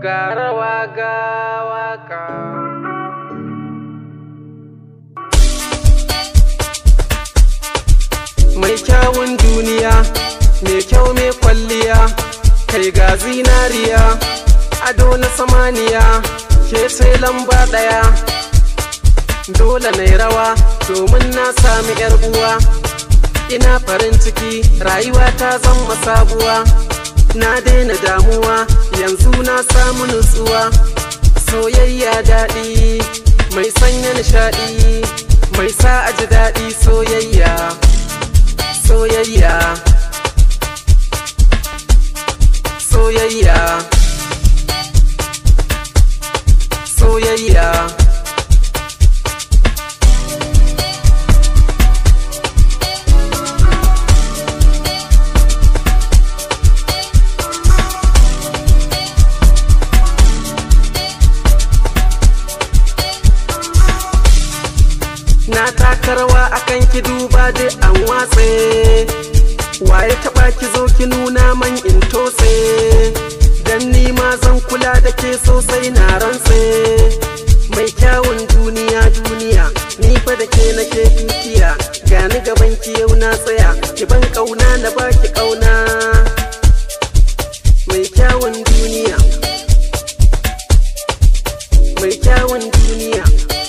ga waka mai kyawun duniya mai kyau mai kwalliya kai ga zinariya ado na samaniya ke sai lamba ɗaya dole na rawa domin na sami 'yar uwa ina farin ciki rayuwa ta zama sabuwa na daina damuwa yanzu na samu nutsuwa soyayya daɗi mai sanya nishaɗi mai sa a ji daɗi soyayya soyayya soyayya soyayya na takarwa akan ki duba da an watse waye taɓa ki zo ki nuna man in tose dan ni ma zan kula da ke sosai na rantse mai kyawun duniya duniya ni fa da ke nake dukiya gani gaban ki yau na tsaya ki ban kauna na baki kauna mai kyawun duniya mai kyawun duniya